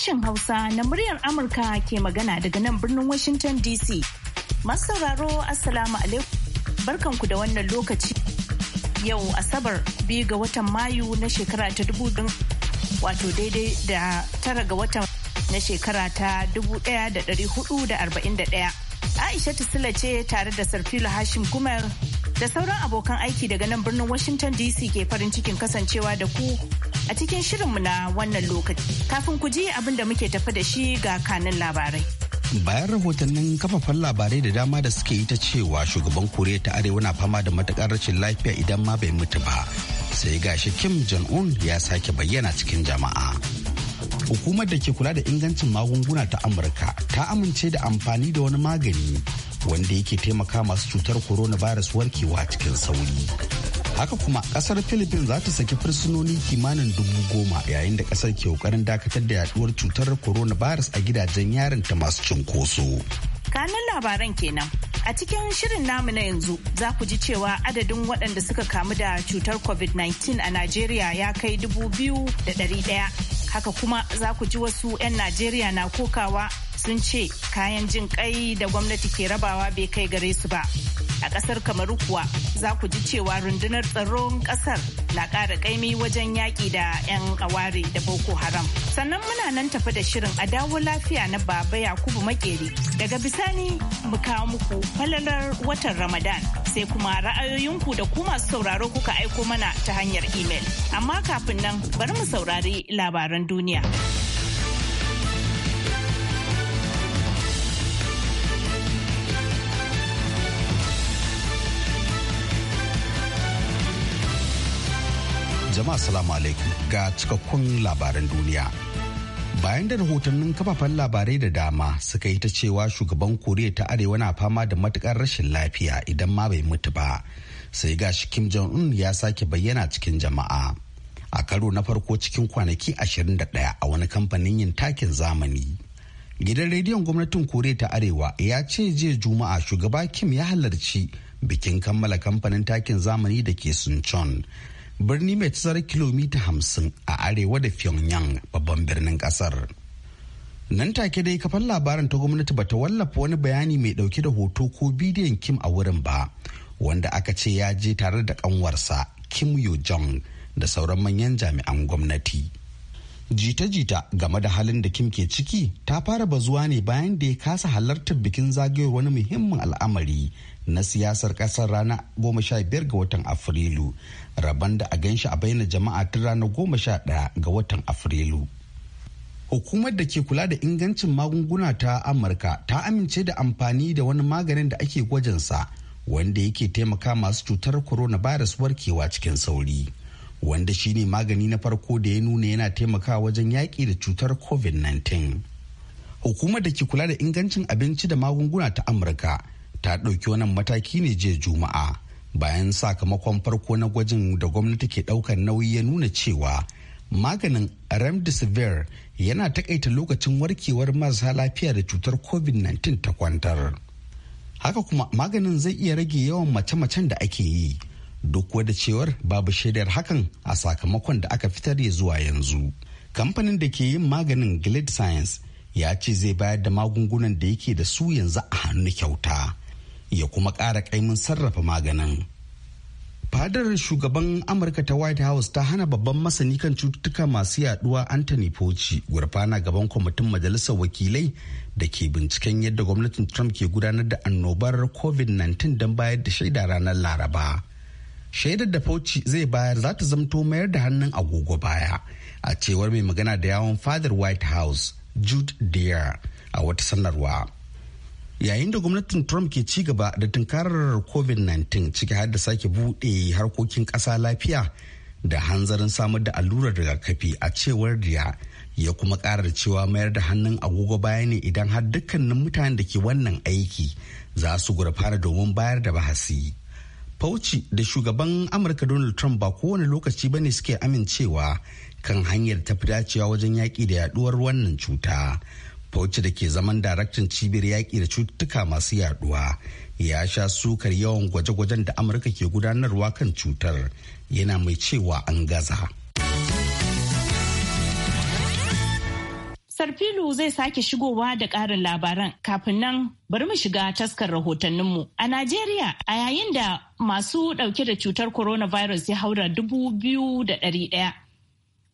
sashen Hausa na muryar Amurka ke magana daga nan birnin Washington DC. Masu sauraro Assalamu alaikum barkanku da wannan lokaci. Yau Asabar biyu ga watan Mayu na shekara ta dubu wato daidai da tara ga watan na shekara ta dubu ɗaya da ɗari hudu da arba'in da ɗaya. Aisha Tisila ce tare da Sarfila Hashim Kumar da sauran abokan aiki daga nan birnin Washington DC ke farin cikin kasancewa da ku a cikin shirinmu na wannan lokaci. Kafin ku ji abin da muke tafi da shi ga kanin labarai. bayan rahotannin kafafen labarai da dama da suke yi ta cewa shugaban koriya ta arewa na fama da matukar rashin lafiya idan ma bai mutu ba sai gashi kim jong-un ya sake bayyana cikin jama'a hukumar da ke kula da ingancin magunguna ta amurka ta amince da amfani da wani magani wanda yake taimaka masu cutar coronavirus warkewa cikin sauri haka kuma kasar philippines za ta saki fursunoni kimanin dubu goma yayin da kasar ke kokarin dakatar da yaduwar cutar corona coronavirus a gidajen yarin ta masu cunkoso. kanan labaran kenan a cikin shirin namu na yanzu za ku ji cewa adadin waɗanda suka kamu da cutar covid-19 a najeriya ya kai dubu biyu da ɗari ɗaya haka kuma za ku ji wasu 'yan najeriya na kokawa sun ce kayan jin kai da gwamnati ke rabawa bai kai gare su ba A ƙasar Kamaru kuwa za ku ji cewa rundunar tsaron ƙasar na ƙara ƙaimi wajen yaƙi da 'yan aware da Boko Haram. Sannan muna nan tafi da shirin a dawo lafiya na Baba Yakubu Makeri. Daga bisani mu kawo muku falalar watan Ramadan sai kuma ra'ayoyinku da ku masu sauraro kuka aiko mana ta hanyar imel. Amma kafin nan bari mu saurari labaran duniya. jama'a salamu alaikum ga cikakkun labaran duniya. Bayan da rahotannin kafafen labarai da dama suka yi ta cewa shugaban Koriya ta Arewa na fama da matukar rashin lafiya idan ma bai mutu ba. Sai ga shi Kim Jong-un ya sake bayyana cikin jama'a. A karo na farko cikin kwanaki 21 a wani kamfanin yin takin zamani. Gidan rediyon gwamnatin Koriya ta Arewa ya ce jiya Juma'a shugaba Kim ya halarci bikin kammala kamfanin takin zamani da ke Suncheon. birni mai tazarar kilomita hamsin a arewa da pyongyang babban birnin kasar nan take dai kafan labarin ta gwamnati bata wallafa wani bayani mai dauke da hoto ko bidiyon kim a wurin ba wanda aka ce ya je tare da kanwarsa kim yo jong da sauran manyan jami'an gwamnati jita-jita game da halin da kim ke ciki ta fara bazuwa ne bayan da ya kasa halartar bikin zagayowar wani muhimmin al'amari na siyasar kasar rana goma sha biyar ga watan afrilu rabon da a ganshi a bayyana jama'a tun sha ɗaya ga watan afrilu hukumar da ke kula da ingancin magunguna ta amurka ta amince da amfani da wani maganin da ake gwajinsa wanda yake taimaka masu cutar corona coronavirus warkewa cikin sauri wanda shine magani na farko da ya nuna yana taimakawa wajen yaƙi da cutar covid-19 hukumar da ke kula da ingancin abinci da magunguna ta amurka ta ɗauki wannan mataki ne jiya juma'a bayan sakamakon farko na gwajin da gwamnati ke ɗaukar nauyi ya nuna cewa maganin remdesivir yana takaita lokacin warkewar marasa lafiya da cutar covid-19 ta kwantar haka kuma maganin zai iya rage yawan mace-macen da ake yi duk wadda cewar babu shaidar hakan a sakamakon da aka fitar ya zuwa yanzu kamfanin da ke yin maganin glade science ya ce zai bayar da magungunan da yake da su yanzu a hannu kyauta ya kuma ƙara ƙaimin sarrafa maganin fadar shugaban amurka ta white house ta hana babban masani kan cututtuka masu yaduwa anthony fauci gurfana gaban kwamitin majalisar wakilai da ke binciken yadda gwamnatin trump ke gudanar da annobar covid-19 don bayar da shaida ranar laraba shaidar da fauci zai bayar za ta zamto mayar da hannun agogo baya a cewar mai magana da yawon fadar white house jude deer a wata sanarwa yayin da gwamnatin trump ke ci gaba da tunkarar covid-19 ciki har da sake buɗe harkokin ƙasa lafiya da hanzarin samar da allurar rigakafi a cewar da ya kuma ƙara da cewa mayar da hannun agogo baya ne idan har dukkanin mutanen da ke wannan aiki za su fara domin bayar da bahasi fauci da shugaban amurka donald trump ba kowane lokaci ba ne suke amincewa kan hanyar tafi dacewa wajen yaƙi da yaduwar wannan cuta Fauci da ke zaman daraktan cibiyar yaƙi da cututtuka masu yaduwa ya sha sukar yawan gwaje-gwajen da Amurka ke gudanarwa kan cutar yana mai cewa an gaza. Sarfilu zai sake shigowa da ƙarin labaran kafin nan bari mu shiga taskar rahotanninmu. A Najeriya a yayin da masu ɗauke da cutar coronavirus ya haura dubu biyu da ɗari ɗaya.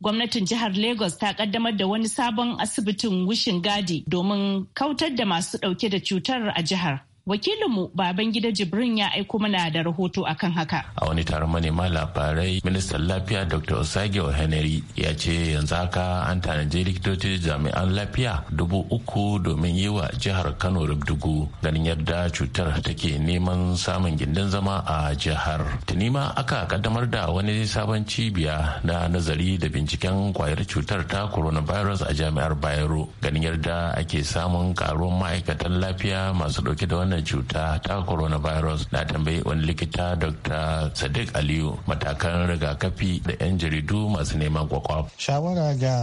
gwamnatin jihar Lagos ta kaddamar da wani sabon asibitin wushin gadi domin kautar da masu dauke da cutar a jihar. Wakilinmu gida Jibrin ya aiko mana da rahoto akan haka. A wani taron manema labarai, ministan lafiya Dr. Osage Henry ya ce yanzu haka an tanaji likitoci jami'an lafiya dubu uku domin yi wa jihar Kano rubdugu ganin yadda cutar take neman samun gindin zama a jihar. Tuni ma aka kaddamar da wani sabon cibiya na nazari da binciken kwayar cutar ta coronavirus a jami'ar Bayero ganin yadda ake samun ƙaruwar ma'aikatan lafiya masu dauke da wannan wannan cuta ta coronavirus na tambayi wani likita dr sadiq aliyu matakan rigakafi da 'yan jaridu masu neman kwakwa. shawara ga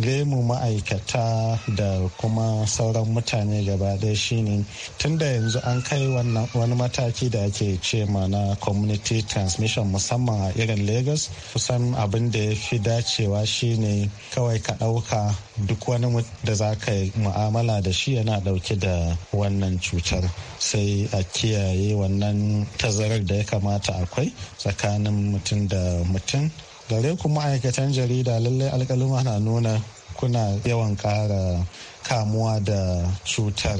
lemu ma'aikata da kuma sauran mutane gaba ɗaya shine tunda yanzu an kai wani mataki da ake ce mana community transmission musamman a irin lagos kusan abin da ya fi dacewa shine kawai ka ɗauka duk wani da za ka yi mu'amala da shi yana ɗauke da wannan cutar sai a kiyaye wannan tazarar da ya kamata akwai tsakanin mutum da mutum gare ku ma'aikatan jarida lallai alkaluma na nuna kuna yawan kara kamuwa da cutar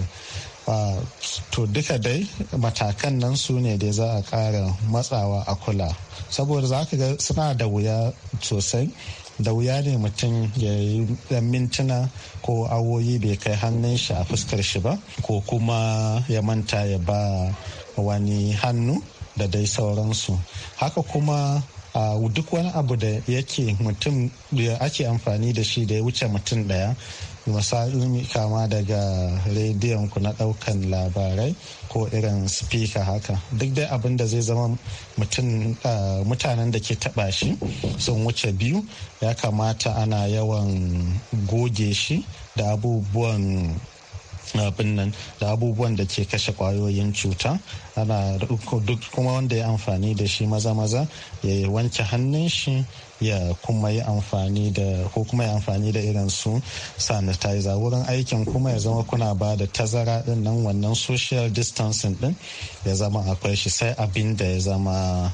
to duka dai matakan nan su ne dai za a kara matsawa a kula saboda za ka ga suna da wuya sosai da wuya ne mutum ya yi dan mintuna ko awoyi bai kai hannun shi a fuskar shi ba ko kuma ya manta ya ba wani hannu da dai sauransu haka kuma duk wani abu da yake mutum da ake amfani da shi da ya wuce mutum daya misali kama daga rediyon ku na daukan labarai ko irin speaker haka duk dai abin da zai zama mutanen da ke taba shi sun wuce biyu ya kamata ana yawan goge shi da abubuwan abin nan da abubuwan da ke kashe kwayoyin cuta ana duk kuma wanda ya amfani da shi maza-maza ya wanke hannun shi ya kuma yi amfani da ko kuma ya amfani da irin su sanitizer wurin aikin kuma ya zama kuna ba da tazara din nan wannan social distancing din ya zama akwai shi sai abin da ya zama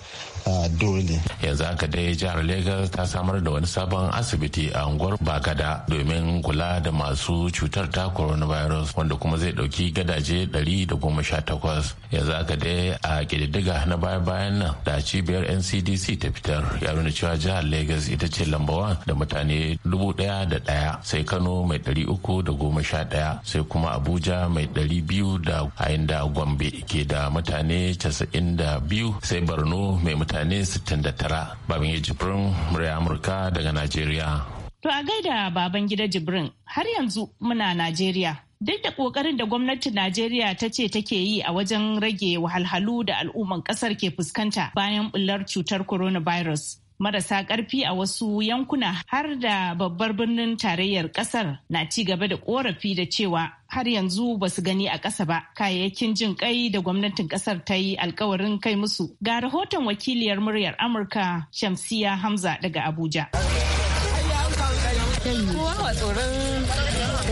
dole. Yanzu haka dai jihar Legas ta samar da wani sabon asibiti a unguwar Bagada domin kula da masu cutar ta coronavirus wanda kuma zai ɗauki gadaje 118. Yanzu haka dai a ƙididdiga na baya-bayan nan da cibiyar NCDC ta fitar ya nuna cewa jihar Legas ita ce lambawa da mutane dubu ɗaya da ɗaya sai Kano mai dari uku da goma sha ɗaya sai kuma Abuja mai dari biyu da a da Gombe ke da mutane casa'in da biyu sai Borno mai mutane mutane 69 babin jibrin murya amurka daga najeriya to a gaida baban gida jibrin har yanzu muna najeriya duk da kokarin da gwamnatin najeriya ta ce take yi a wajen rage wahalhalu da al'umman kasar ke fuskanta bayan bullar cutar coronavirus marasa ƙarfi a wasu yankuna har da babbar birnin tarayyar ƙasar na ci gaba da ƙorafi da cewa har yanzu ba su gani a ƙasa ba kayayyakin jin kai da gwamnatin ƙasar ta yi alkawarin kai musu ga rahoton wakiliyar muryar amurka shamsiya hamza daga abuja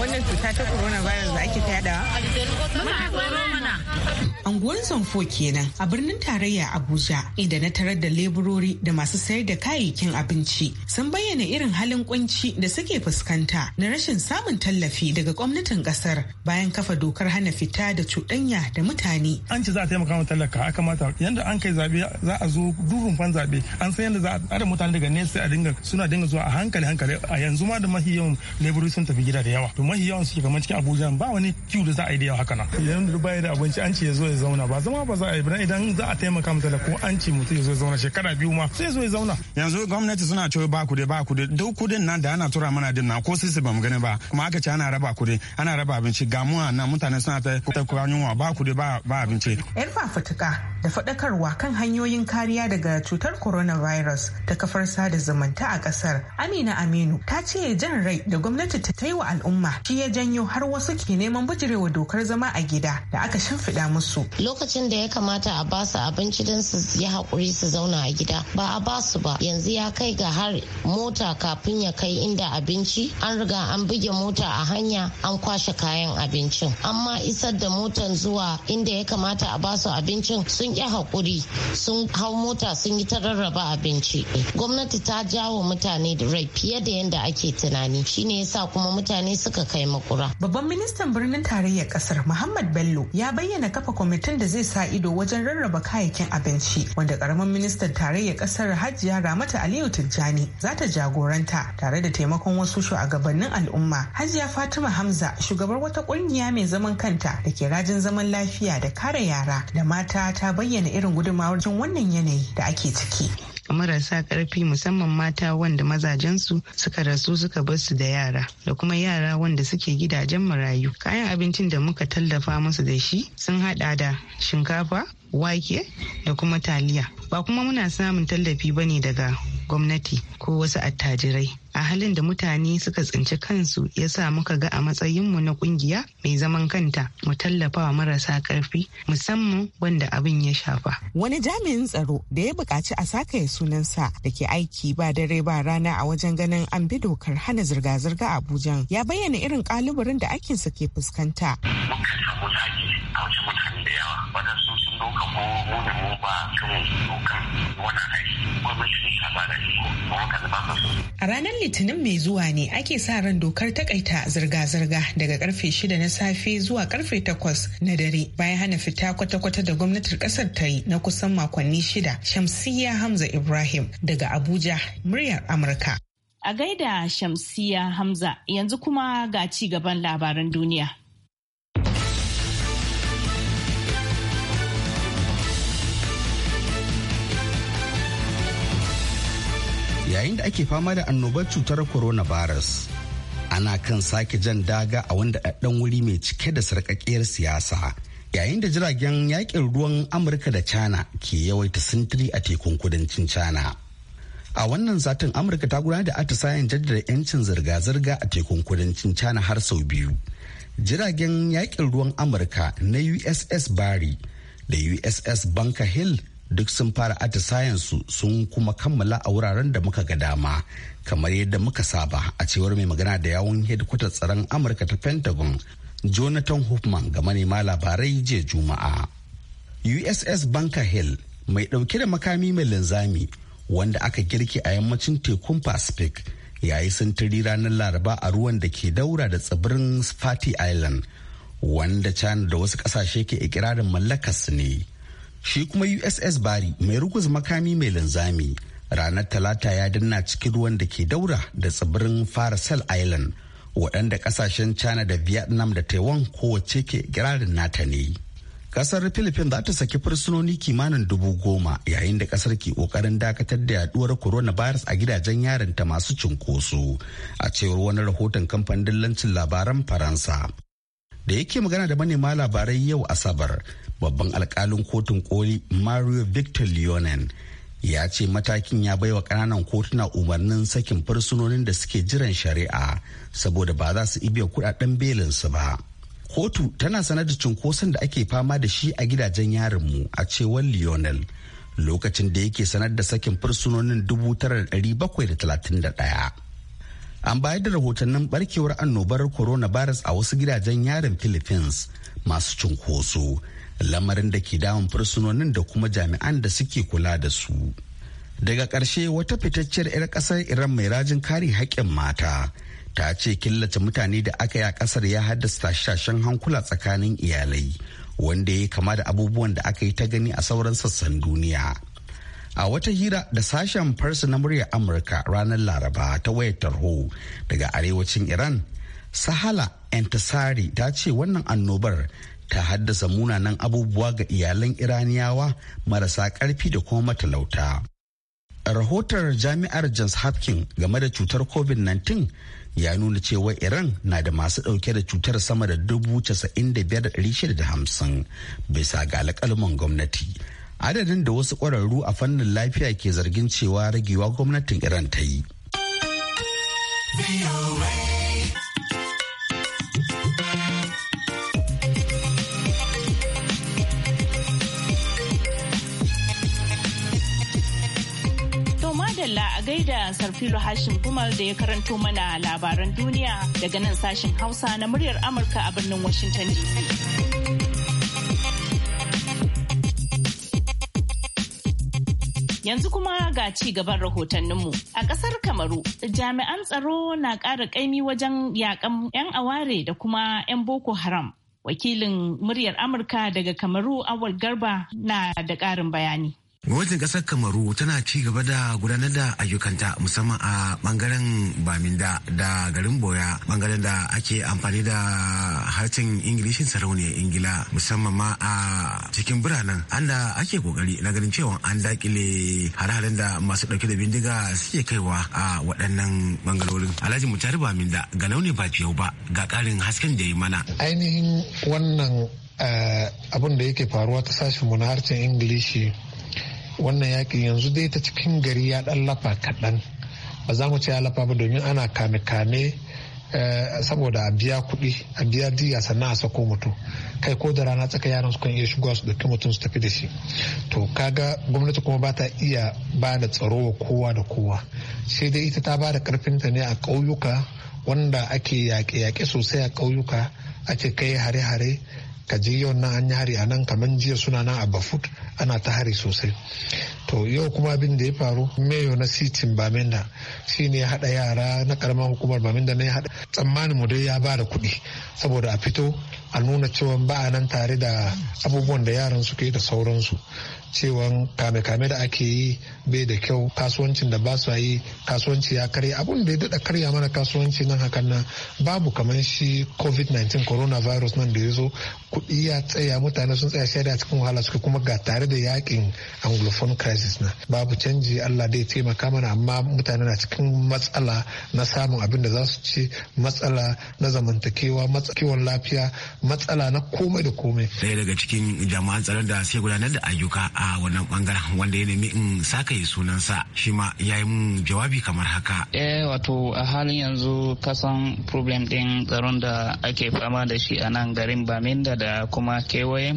wannan cuta ta coronavirus da ake ta anguwar zamfo kenan a birnin tarayya abuja inda na tarar da leburori da masu sayar da kayayyakin abinci sun bayyana irin halin kunci da suke fuskanta na rashin samun tallafi daga gwamnatin kasar bayan kafa dokar hana fita da cuɗanya da mutane an ce za a taimaka wa talaka a kamata yadda an kai zabe za a zo duhun fan zabe an san yadda za a tsara mutane daga nesa a dinga suna dinga zuwa a hankali hankali a yanzu ma da mahi yawan leburori sun tafi gida da yawa to mahi yawan suke kamar cikin abuja ba wani kiwo da za a yi da yawa haka na yanzu da abinci an ce ya zo ya zauna ba zama ba za a yi ba idan za a taimaka masa da ko an ce mutum ya zo ya zauna shekara biyu ma sai zo ya zauna yanzu gwamnati suna cewa ba kuɗi ba kuɗi duk kudin nan da ana tura mana din na ko sisi ba mu gani ba kuma aka ce ana raba kuɗi ana raba abinci ga mu nan mutane suna ta ta yunwa ba kuɗi ba abinci yar fafutuka da faɗakarwa kan hanyoyin kariya daga cutar coronavirus ta kafar sada zumunta a ƙasar amina aminu ta ce jan rai da gwamnati ta yi wa al'umma shi ya janyo har wasu ke neman bijirewa dokar zama a gida da aka shimfiɗa musu su lokacin da ya kamata a basu abinci don su yi hakuri su zauna a gida ba a basu ba yanzu ya kai ga har mota kafin ya kai inda abinci an riga an buge mota a hanya an kwashe kayan abincin amma isar da motan zuwa inda ya kamata a basu abincin sun yi hakuri sun hau mota sun yi ta rarraba abinci gwamnati ta jawo mutane da rai fiye da yadda ake tunani shine yasa kuma mutane suka kai makura babban ministan birnin tarayyar kasar muhammad bello ya bayyana kafa kwamitin kwamitin da zai sa ido wajen rarraba kayayyakin abinci wanda karamin ministan tarayyar kasar hajiya ramata aliyu tijjani za ta jagoranta tare da taimakon wasu shugabannin al'umma hajiya fatima hamza shugabar wata kungiya mai zaman kanta da ke rajin zaman lafiya da kare yara da mata ta bayyana irin gudunmawar jin wannan yanayi da ake ciki marasa karfi musamman mata wanda mazajensu suka rasu suka bar da yara da kuma yara wanda suke gidajen marayu kayan abincin da muka tallafa musu da shi sun hada da shinkafa wake da kuma taliya ba kuma muna samun tallafi ba ne daga gwamnati ko wasu attajirai a halin da mutane suka tsinci kansu ya sa muka ga a matsayinmu na kungiya mai zaman kanta mu tallafa wa marasa karfi musamman wanda abin ya shafa. Wani jami'in tsaro da ya buƙaci a saka ya sunansa da ke aiki ba dare ba rana a wajen ganin an bi dokar hana zirga-zirga a Abuja ya bayyana irin ƙalubalen da aikinsa ke fuskanta. Mun a wajen mutane da yawa A ranar Litinin mai zuwa ne ake sa ran dokar takaita zirga-zirga daga karfe shida na safe zuwa karfe takwas na dare bayan hana fita kwata-kwata da gwamnatin kasar ta yi na kusan makonni shida. Shamsiyya Hamza Ibrahim daga Abuja, muryar Amurka. A gaida Shamsiyya Hamza yanzu kuma ga ci gaban labaran duniya. yayin da ake fama da annobar cutar coronavirus ana kan sake jan daga a wanda ɗan wuri mai cike da sarƙaƙiyar siyasa yayin da jiragen yakin ruwan amurka da china ke yawaita sintiri a tekun kudancin china a wannan satin amurka ta gudanar da atisayen jaddada 'yancin zirga-zirga a tekun kudancin china har sau biyu jiragen yakin ruwan amurka na uss bari da uss banka hill duk sun fara atisayensu sun kuma kammala a wuraren da muka ga dama kamar yadda muka saba a cewar mai magana da yawon hedkwatar tsaron amurka ta pentagon jonathan hoffman ga manema labarai jiya juma'a uss banker hill mai dauke da makami mai linzami wanda aka girki a yammacin tekun pacific yayi sintiri ranar laraba a ruwan da ke daura da tsibirin spati island wanda china da wasu kasashe ke ikirarin mallakarsu ne Shi kuma USS Bari mai rugus makami mai linzami ranar talata ya danna cikin ruwan da ke daura da tsibirin Farasel Island waɗanda ƙasashen China da Vietnam da Taiwan kowace ke girarin nata ne. Ƙasar Philippines za ta saki fursunoni kimanin dubu goma yayin da ƙasar ke ƙoƙarin dakatar da yaduwar coronavirus a gidajen yarinta masu cunkoso a cewar wani rahoton kamfanin lancin labaran Faransa. da yake magana da manema labarai yau asabar babban alkalin kotun koli mario victor leonen ya ce matakin ya baiwa kananan kotuna umarnin sakin fursunonin da suke jiran shari'a saboda ba za su ibiya kudaden belinsu ba kotu tana sanar da cunkoson da ake fama da shi a gidajen yarinmu a cewar lionel lokacin da yake sanar da sakin fursunonin 9,731 an bayar da rahotannin barkewar annobar coronavirus a wasu gidajen yarin philippines masu cunkoso lamarin da ke damun fursunonin da kuma jami'an da suke kula da su daga ƙarshe wata fitacciyar 'yar ƙasar iran mai rajin kare haƙƙin mata ta ce killace mutane da aka yi a ƙasar ya haddasa tashashen hankula tsakanin iyalai wanda ya kama da abubuwan da aka yi ta gani a sauran sassan duniya a wata hira da sashen farsa na muryar amurka ranar laraba ta wayar tarho daga arewacin iran sahala entasari ta ce wannan annobar ta haddasa munanan abubuwa ga iyalan iraniyawa marasa karfi da kuma matalauta rahotar jami'ar johns hopkins game da cutar covid-19 ya nuna cewa iran na da masu dauke da cutar sama da 95,650 bisa ga alƙalman gwamnati adadin da wasu ƙwararru a fannin lafiya ke zargin cewa ragewa gwamnatin iran ta yi a gaida Sarfilo Hashim Gumal da ya karanto mana labaran duniya daga nan sashen Hausa na muryar Amurka a birnin Washington DC. Yanzu kuma ga ci gaban rahotanninmu. A ƙasar Kamaru, jami'an tsaro na ƙara ƙaimi wajen yaƙan 'yan aware da kuma 'yan Boko Haram. Wakilin muryar Amurka daga Kamaru Awal Garba na da ƙarin bayani. Gwamnatin ƙasar Kamaru tana ci gaba da gudanar da ayyukanta musamman a bangaren Baminda da garin Boya bangaren da ake amfani da harshen Ingilishin sarauniyar Ingila musamman ma a cikin biranen an da ake kokari na ganin cewa an dakile hare da masu ɗauke da bindiga suke kaiwa a waɗannan bangarorin. Alhaji Mutari Baminda ga launi ba fiyau ba ga karin hasken da ya mana. Ainihin wannan eh, abin da yake faruwa ta sashen mu na harshen Ingilishi wannan yakin yanzu dai ta cikin gari ya dan lafa kaɗan ba za mu ce ya lafa ba domin ana kame-kame eh, saboda a biya kuɗi a biya diya sannan a sako mutum kai ko da rana tsaka yaran sukan iya shigowa su ɗauki mutum su tafi da shi to kaga gwamnati kuma ba ta iya ba da tsaro wa kowa da kowa sai dai ita ta ba da ƙarfinta ne a ƙauyuka wanda ake yaƙe-yaƙe sosai a ƙauyuka ake kai hare-hare ka je yau na an yi hari a nan kamar jiya suna na a bafut ana ta hari sosai to yau kuma abin da ya faru mayo na sitin bamenda shine ya haɗa yara na karamar hukumar baminda na ya haɗa tsammanin mu dai ya ba da kuɗi saboda a fito a nuna cewa ba a nan tare da abubuwan da yaran suke da sauransu Cewa kame-kame da ake yi bai da kyau kasuwancin da ba su yi kasuwanci ya karya abun da ya daɗa karya mana kasuwanci nan hakan nan babu kamar shi covid-19 coronavirus nan da ya zo kuɗi ya tsaya mutane sun tsaya shaida cikin wahala suka kuma ga tare da yakin anglophone crisis na babu canji allah dai taimaka mana amma mutane na cikin matsala na samun abin da za su ci matsala na zamantakewa kiwon lafiya matsala na komai da komai. Daya daga cikin jama'an tsaron da sai gudanar da ayyuka a wannan bangaren wanda ya nemi in saka yi sunansa shi ma ya yi mun jawabi kamar haka. Eh wato a halin yanzu kasan problem din tsaron da ake fama da shi a nan garin Baminda da kuma kewaye.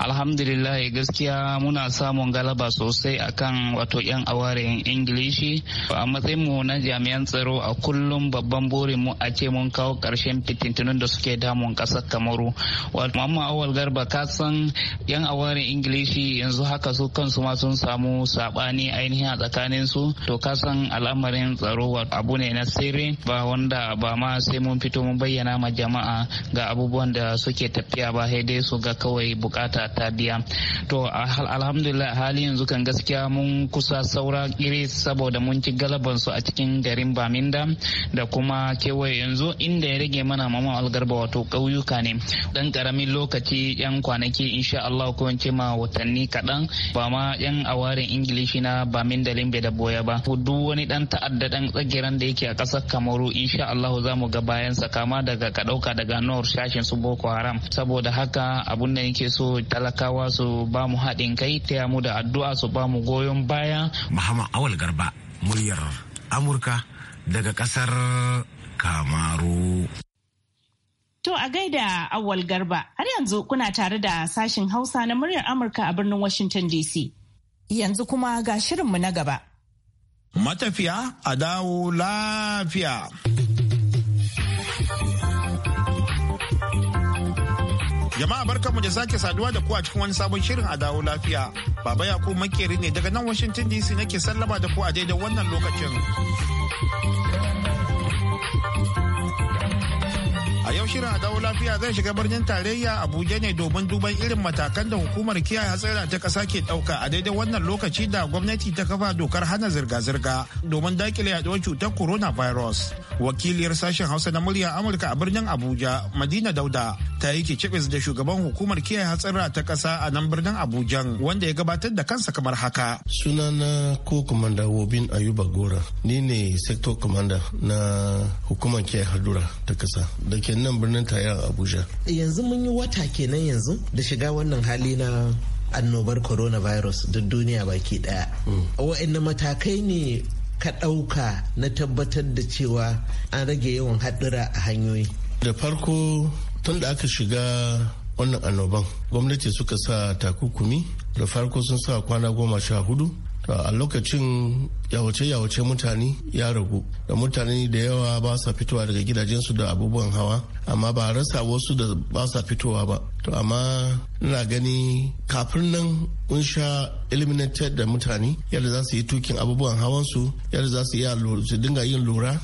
Alhamdulillah gaskiya muna samun galaba sosai akan wato 'yan awarin Ingilishi. A matsayin mu na jami'an tsaro a kullum babban burin mu a ce mun kawo karshen fitintunan da suke damun kasar Kamaru. Wato Muhammad Awal Garba kasan 'yan awarin Ingilishi yanzu haka su kansu ma sun samu sabani ainihin a tsakanin su to kasan al'amarin tsaro abu ne na sirri ba wanda ba ma sai mun fito mun bayyana ma jama'a ga abubuwan da suke tafiya ba sai dai su ga kawai bukata ta biya to alhamdulillah hali yanzu kan gaskiya mun kusa saura iri saboda mun ci galaban su a cikin garin Baminda da kuma kewaye yanzu inda ya rage mana mama algarba wato ƙauyuka ne dan karamin lokaci yan kwanaki insha Allah ko ma watanni kaɗan nan ba ma yan awarin ingilishi na ba min bai da boya ba duk wani dan ta'adda dan tsagiran da yake a kasar kamaru insha Allah za mu ga bayan sa kama daga ka dauka daga nor shashin su boko haram saboda haka abun da yake so talakawa su ba mu haɗin kai taya mu da addu'a su ba mu goyon baya Muhammad Awal Garba muryar Amurka daga ƙasar Kamaru To a gaida awwal garba har yanzu kuna tare da sashin hausa na muryar Amurka a birnin Washington DC. Yanzu kuma ga shirinmu na gaba. Matafiya a dawo lafiya. Jama'a barkanmu da sake saduwa da ku a cikin wani sabon shirin a dawo lafiya. Baba Yakubu makeri ne daga nan Washington DC nake sallama da ku a daidai wannan lokacin. yau shirin a dawo lafiya zai shiga birnin tarayya Abuja ne domin duban irin matakan da hukumar kiyaye hatsara ta ƙasa ke ɗauka a daidai wannan lokaci da gwamnati ta kafa dokar hana zirga-zirga domin dakile yaduwar cutar coronavirus. Wakiliyar sashen Hausa na murya Amurka a birnin Abuja, Madina Dauda, ta yi kicibis da shugaban hukumar kiyaye hatsara ta kasa a nan birnin Abuja wanda ya gabatar da kansa kamar haka sunana ko kumanda wobin ayuba gora ni ne sector commander na hukumar kiyaye hadura ta kasa da ke nan birnin tayar abuja yanzu mun yi wata kenan yanzu da shiga wannan hali na annobar coronavirus da duniya baki daya mm. wa'annan matakai ne ka ɗauka na tabbatar da cewa an rage yawan haɗura a hanyoyi da farko tun da aka shiga wannan annoban gwamnati suka sa takukumi da farko sun sa kwana goma sha hudu a lokacin yawace-yawace mutane ya ragu da mutane da yawa ba sa fitowa daga gidajensu da abubuwan hawa amma ba rasa wasu da ba sa fitowa ba to amma ina gani kafin nan kun sha eliminated da mutane yadda za su yi tukin abubuwan hawansu yadda za su iya su dinga yin lura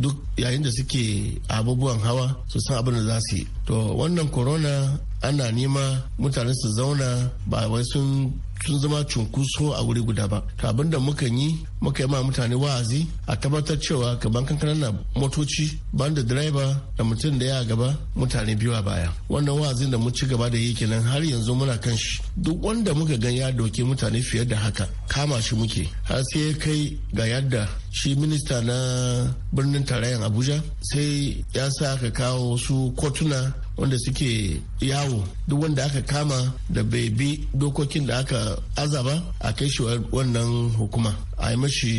duk yayin da suke abubuwan hawa su san abin da za su yi to wannan corona ana nema mutane su zauna ba wai sun sun zama cunkuso a wuri guda ba to abin da muka yi muka yi ma mutane wa'azi a tabbatar cewa gaban kankanan na motoci banda direba da mutum da ya gaba mutane biyu a baya wannan wa'azin da mu ci gaba da yi kenan har yanzu muna kan shi duk wanda muka gan ya doke mutane fiye da haka kama shi muke har sai ya kai ga yadda shi minista na birnin tarayyan abuja sai ya sa aka kawo su kotuna wanda suke yawo duk wanda aka kama da bai bi dokokin da aka azaba a kai shi wannan hukuma a yi mashi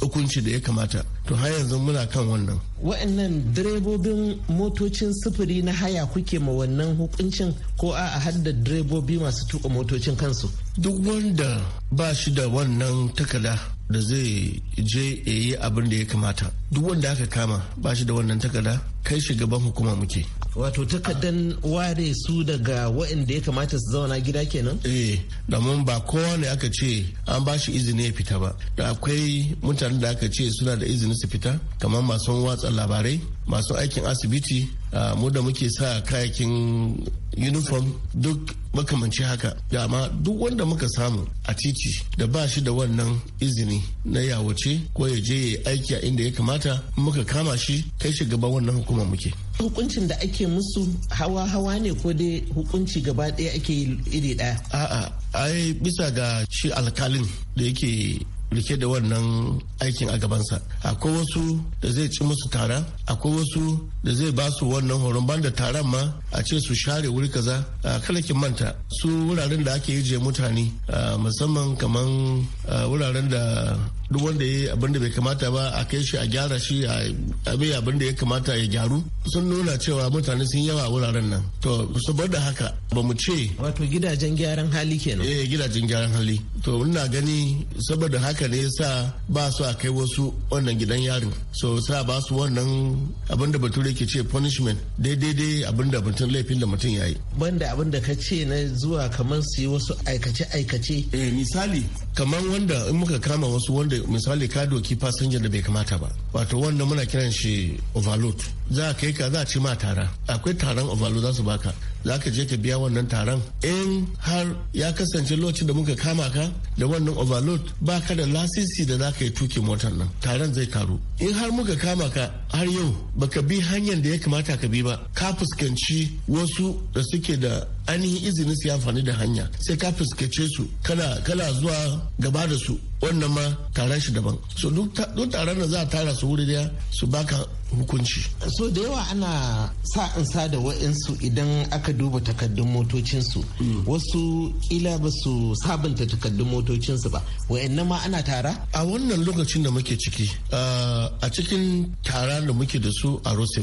hukunci da ya kamata to har yanzu muna kan wannan wa'annan direbobin motocin sufuri na haya kuke ma wannan hukuncin ko a hadda direbobi masu tuka motocin kansu duk wanda ba shi da wannan takada da zai je ya yi abin da ya kamata duk wanda aka kama ba shi da wannan takada. kai shugaban hukuma muke wato takardan ware su daga waɗanda ya kamata su zauna gida kenan eh domin ba kowa ne aka ce an ba shi izini ya fita ba da akwai mutanen da aka ce suna da izini su fita kamar masu watsa labarai masu aikin asibiti mu da muke sa kayakin uniform duk makamanci haka dama duk wanda muka samu a titi da ba shi da wannan izini na yawace ko ya je aiki a inda ya kamata muka kama shi kai shi gaban wannan Kuma muke hukuncin da ake musu hawa hawa ne ko dai hukunci gaba ɗaya ake yi iri ɗaya a'a ai bisa ga shi alkalin da yake rike da wannan aikin a gabansa akwai wasu da zai ci musu tara akwai wasu da zai ba su wannan horon banda taron ma a ce su share wuri kaza A ki manta su wuraren da ake yi mutane musamman kaman wuraren da duk wanda ya abin da bai kamata ba a kai shi a gyara shi a abin abin da ya kamata ya gyaru sun nuna cewa mutane sun yawa wuraren nan to saboda haka ba mu ce wato gidajen gyaran hali kenan eh gidajen gyaran hali to ina gani saboda haka ne yasa ba su a kai wasu wannan gidan yarin so sa ba su wannan abin da bature ke ce punishment daidai dai abin da mutum laifin da mutum yayi banda abin da ka ce na zuwa kamar su yi wasu aikace aikace eh misali kamar wanda in muka kama wasu wanda misali ka doki fasinja da bai kamata ba wato wanda muna kiran shi overload za ka kai ka za a ci ma tara akwai taron overload za su baka za ka je ka biya wannan taron in har ya kasance lokacin da muka kama ka da wannan overload ba ka da lasisi da za ka yi tuki motar nan taron zai taru in har muka kama ka har yau baka bi hanyar da ya kamata ka bi ba ka fuskanci wasu da suke da ainihin izinin su ya amfani da hanya sai ka fuskace su kana kana zuwa gaba da su wannan ma taron shi daban so duk taron da za a tara su wuri daya su baka hukunci so da yawa ana sa in sa da wa'insu idan aka duba takaddun motocinsu mm. wasu kila ba su sabunta takaddun motocinsu ba wa'annan ma ana tara a wannan lokacin da muke ciki ah, a cikin tara da muke da su a road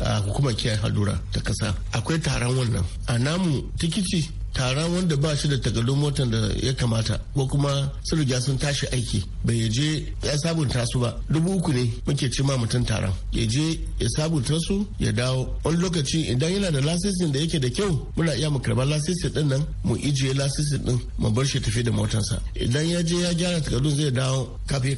a hukumar kiyaye hadura ta kasa akwai taron wannan a namu tikiti taron wanda ba shi da takardun motar da ya kamata ko kuma sun riga sun tashi aiki bai ya je ya sabunta su ba dubu uku ne muke ce ma mutum taron ya je ya sabunta su ya dawo wani lokaci idan yana da lasisin da yake da kyau muna iya mu karɓar lasisin din nan mu ijiye lasisin din mu bar shi tafi da motarsa idan ya je ya gyara takardun zai dawo kafin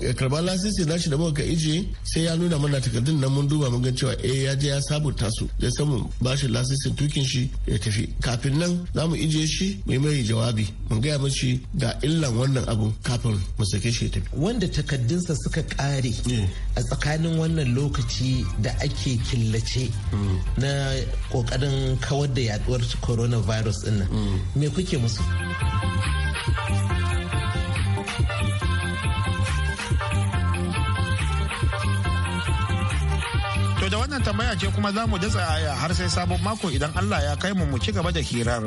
ya karɓa lasisin nashi da muka ijiye sai ya nuna mana takardun nan mun duba mun ga cewa eh ya je ya sabunta su da samu ba shi lasisin tukin shi ya tafi kafin nan zamu mu ije shi mai mai jawabi mun gaya mashi ga illan wannan abu kafin mu sake shi tafi wanda takaddunsa suka kare eh. a tsakanin wannan lokaci da ake killace hmm. na kokarin kawar da yaduwar coronavirus din nan hmm. me kuke musu wannan tambaya ce kuma za mu datsa aya har sai sabon mako idan Allah ya kai mu mu ci gaba da hirar.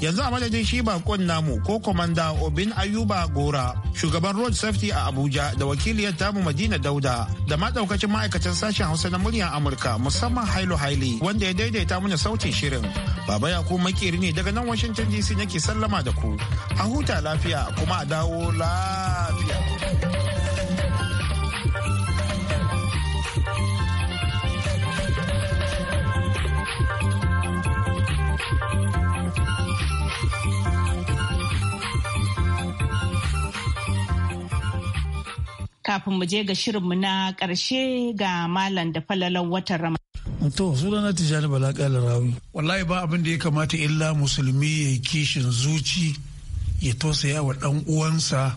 Yanzu a madadin shi bakon namu ko komanda Obin Ayuba Gora, shugaban Road Safety a Abuja da wakiliyar tamu Madina Dauda da maɗaukacin ma'aikatan sashen Hausa na muryar Amurka musamman Hailu Haili wanda ya daidaita mana sautin shirin. Baba Yakubu makeri ne daga nan Washington DC nake sallama da ku. A huta lafiya kuma a dawo lafiya. kafin mu je ga shirin mu na ƙarshe ga malam da falalan watan rama. To, sunana Tijjani Bala Rawi. Wallahi ba abin da ya kamata illa musulmi ya yi kishin zuci ya tausaya wa ɗan uwansa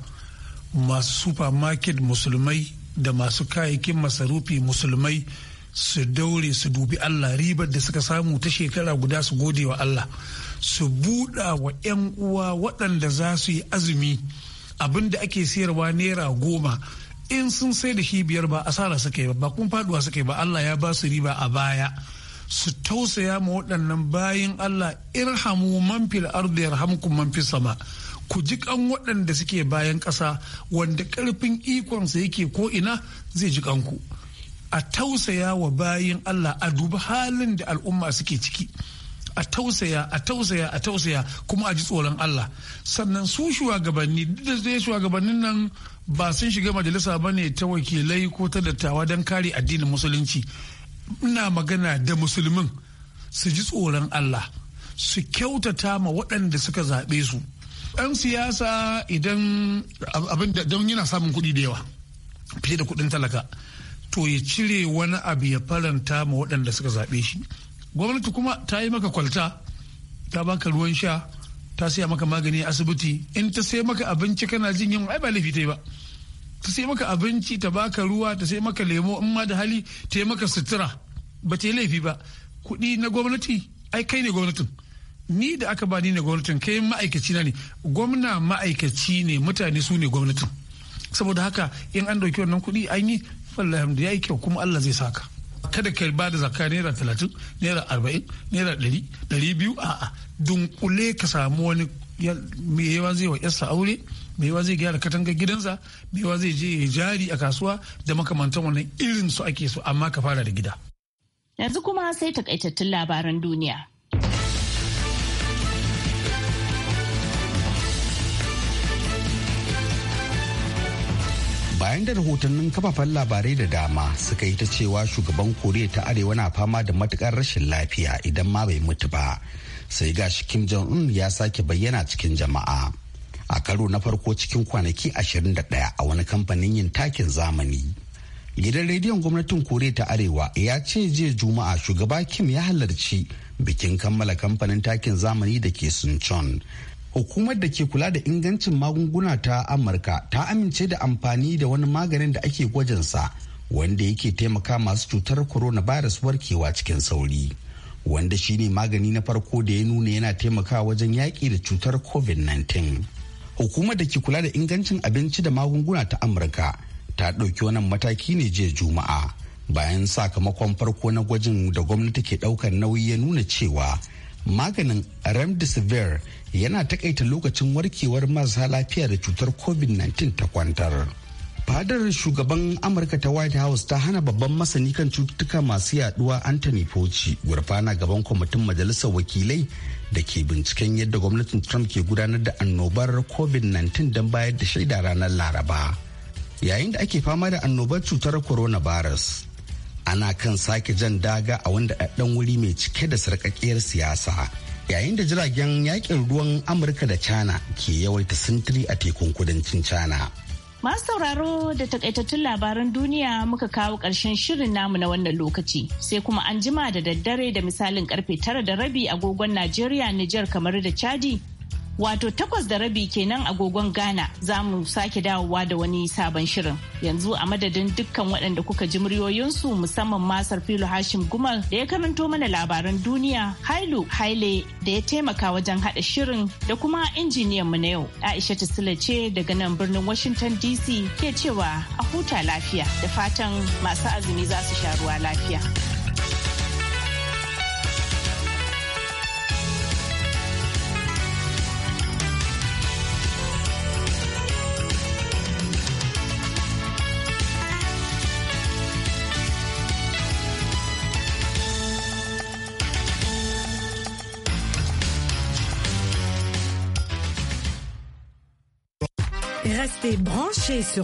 masu supermarket musulmai da masu kayayyakin masarufi musulmai su daure su dubi Allah ribar da suka samu ta shekara guda su gode wa Allah su buɗa wa 'yan uwa waɗanda za su yi azumi abin da ake siyarwa naira goma in sun sai da shi biyar ba asara suke ba ba kun faduwa suke ba Allah ya ba su riba a baya su tausaya ma waɗannan bayin Allah irhamu man fil ardi yarhamkum man fis sama ku ji kan waɗanda suke bayan ƙasa wanda ƙarfin ikon sa yake ko ina zai ji kanku a tausaya wa bayin Allah a duba halin da al'umma suke ciki a tausaya a tausaya a tausaya kuma a ji tsoron Allah sannan su shugabanni duk da shugabannin nan ba sun shiga majalisa ba ne ta wakilai ko ta dattawa don kare addinin musulunci ina magana da musulmin su ji tsoron allah su kyautata ma waɗanda suka zaɓe su ɗan siyasa idan abin da don yana samun kuɗi da yawa fiye da kuɗin talaka to ya cire wani abu ya faranta ma waɗanda suka zaɓe shi gwamnati kuma ta yi maka kwalta ta baka ruwan sha ta saya maka magani a asibiti in ta sai maka abinci kana jin yunwa ai ba laifi ta yi ba ta sai maka abinci ta baka ruwa ta sai maka lemo in ma da hali ta yi maka sutura ba ta yi laifi ba kuɗi na gwamnati ai kai ne gwamnatin ni da aka ba ni ne gwamnatin kai ma'aikaci na ne gwamna ma'aikaci ne mutane su ne gwamnatin saboda haka in an ɗauki wannan kuɗi an yi wallahi ya yi kyau kuma Allah zai saka kada ka ba da zakka naira talatin naira arba'in naira ɗari ɗari biyu a'a dunkule ka samu wani yawa zai wa yarsa aure yawa zai gyara katanga gidansa yawa zai je ya jari a kasuwa da makamantan wannan irin su ake so amma ka fara da gida yanzu kuma sai takaitattun labaran duniya bayan da rahotannin kafafen labarai da dama suka yi ta cewa shugaban koriya ta arewa na fama da matukar rashin lafiya idan ma bai mutu ba sai gashi kim jong un ya sake bayyana cikin jama'a a karo na farko cikin kwanaki 21 a wani kamfanin yin takin zamani gidan rediyon gwamnatin koriya ta arewa ya ce jiya juma'a shugaba kim ya halarci bikin kammala kamfanin takin zamani da ke sun hukumar da ke kula da ingancin magunguna ta amurka ta amince da amfani da wani maganin da ake gwajinsa wanda yake taimaka masu cutar corona coronavirus warkewa cikin sauri wanda shine magani na farko da ya nuna yana taimaka wajen yaƙi da cutar covid-19 hukumar da ke kula da ingancin abinci da magunguna ta amurka ta ɗauki wannan mataki ne jiya juma'a bayan sakamakon farko na gwajin da gwamnati ke ɗaukar nauyi ya nuna cewa maganin remdesivir yana takaita lokacin warkewar marasa lafiya da cutar covid-19 ta kwantar fadar shugaban amurka ta white house ta hana babban masani kan cututtuka masu yaduwa anthony fauci gurfana gaban kwamitin majalisar wakilai da ke binciken yadda gwamnatin trump ke gudanar da annobar covid-19 don bayar da shaida ranar laraba yayin da ake fama da annobar cutar coronavirus ana kan sake jan daga a wanda dan wuri mai cike da sarƙaƙiyar siyasa yayin da jiragen yakin ruwan amurka da china ke yawaita sintiri a tekun kudancin china masu sauraro da takaitattun labaran duniya muka kawo ƙarshen shirin namu na wannan lokaci sai kuma an jima da daddare da misalin karfe tara da rabi agogon najeriya nijar kamar da chadi wato takwas da rabi kenan agogon ghana za mu sake dawowa da wani sabon shirin yanzu a madadin dukkan waɗanda kuka ji muryoyinsu musamman masar filo hashim gumal da ya karanto mana labaran duniya hailu haile da ya taimaka wajen haɗa shirin da kuma injiniyan mu na yau aisha tisila ce daga nan birnin washington dc ke cewa a huta lafiya da fatan masu azumi za su sha ruwa lafiya. branché sur le